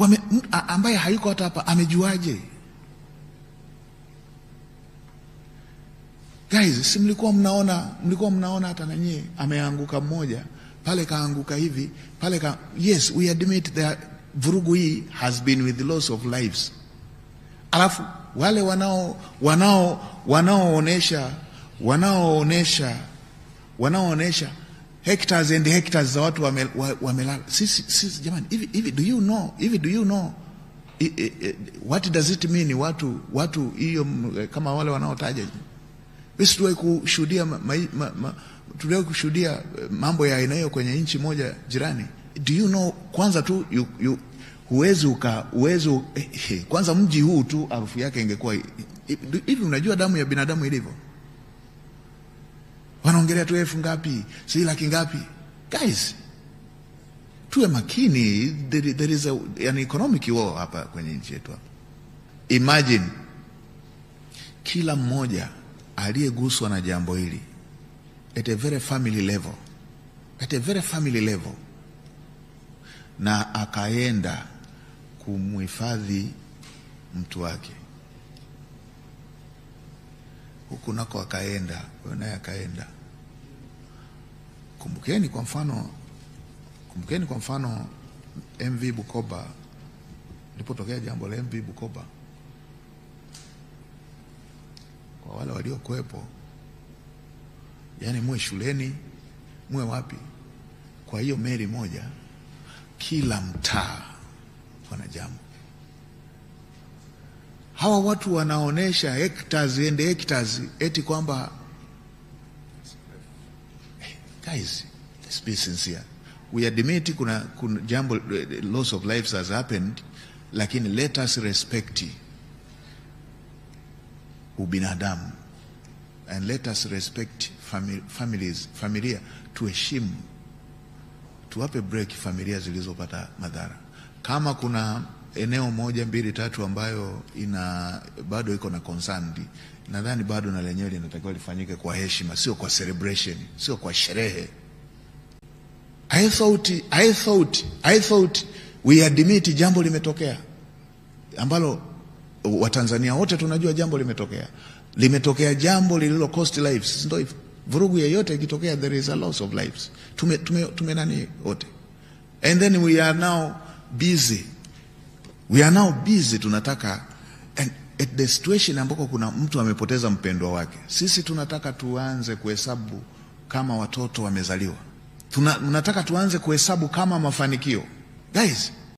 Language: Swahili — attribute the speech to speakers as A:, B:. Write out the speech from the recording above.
A: wame, ambaye hayuko hata hapa amejuaje? Guys, si mlikuwa mnaona, mlikuwa mnaona hata nanyi ameanguka mmoja pale kaanguka hivi pale ka... Yes, we admit that vurugu hii has been with loss of lives. Alafu wale wanao wanao wanaoonesha wanaoonesha wanaoonesha hectares and hectares za watu wamelala wame, sisi, sisi jamani, hivi hivi, do you know, hivi do you know I, I, I, what does it mean watu watu hiyo mm, eh, kama wale wanaotaja sisi tuwe kushuhudia ma, ma, ma, ma, tuliwahi kushuhudia eh, mambo ya aina hiyo kwenye nchi moja jirani. Do you know, kwanza tu you, you, huwezi uka huwezi eh, eh, kwanza mji huu tu harufu yake ingekuwa hivi. Unajua damu ya binadamu ilivyo wanaongelea tu elfu ngapi, sijui laki ngapi. Guys, tuwe makini, there, there is a, an economic war hapa kwenye nchi yetu hapa. Imagine kila mmoja aliyeguswa na jambo hili at a very family level, at a very family level, na akaenda kumhifadhi mtu wake huku nako akaenda, huyo naye akaenda. Kumbukeni kwa mfano, kumbukeni kwa mfano MV Bukoba, lipotokea jambo la MV Bukoba, kwa wale waliokuwepo, yaani muwe shuleni, muwe wapi, kwa hiyo meli moja, kila mtaa wana jambo Hawa watu wanaonesha hectares ende hectares eti kwamba guys, let's be sincere. We admit kuna, kuna jambo loss of lives has happened, lakini let us respect ubinadamu and let us respect families, familia. Tuheshimu, tuwape break familia zilizopata madhara. Kama kuna eneo moja mbili tatu ambayo ina bado iko na concern, nadhani bado na lenyewe linatakiwa lifanyike kwa heshima, sio kwa celebration, sio kwa sherehe. I thought, I thought, I thought we admit jambo limetokea ambalo Watanzania wote tunajua jambo limetokea, limetokea jambo lililo cost lives, ndio hivyo. Vurugu yoyote ikitokea, there is a loss of lives. Tume, tume, tume nani wote, and then we are now busy we are now busy, tunataka and at the situation ambako kuna mtu amepoteza mpendwa wake, sisi tunataka tuanze kuhesabu kama watoto wamezaliwa, tunataka tuanze kuhesabu kama mafanikio guys.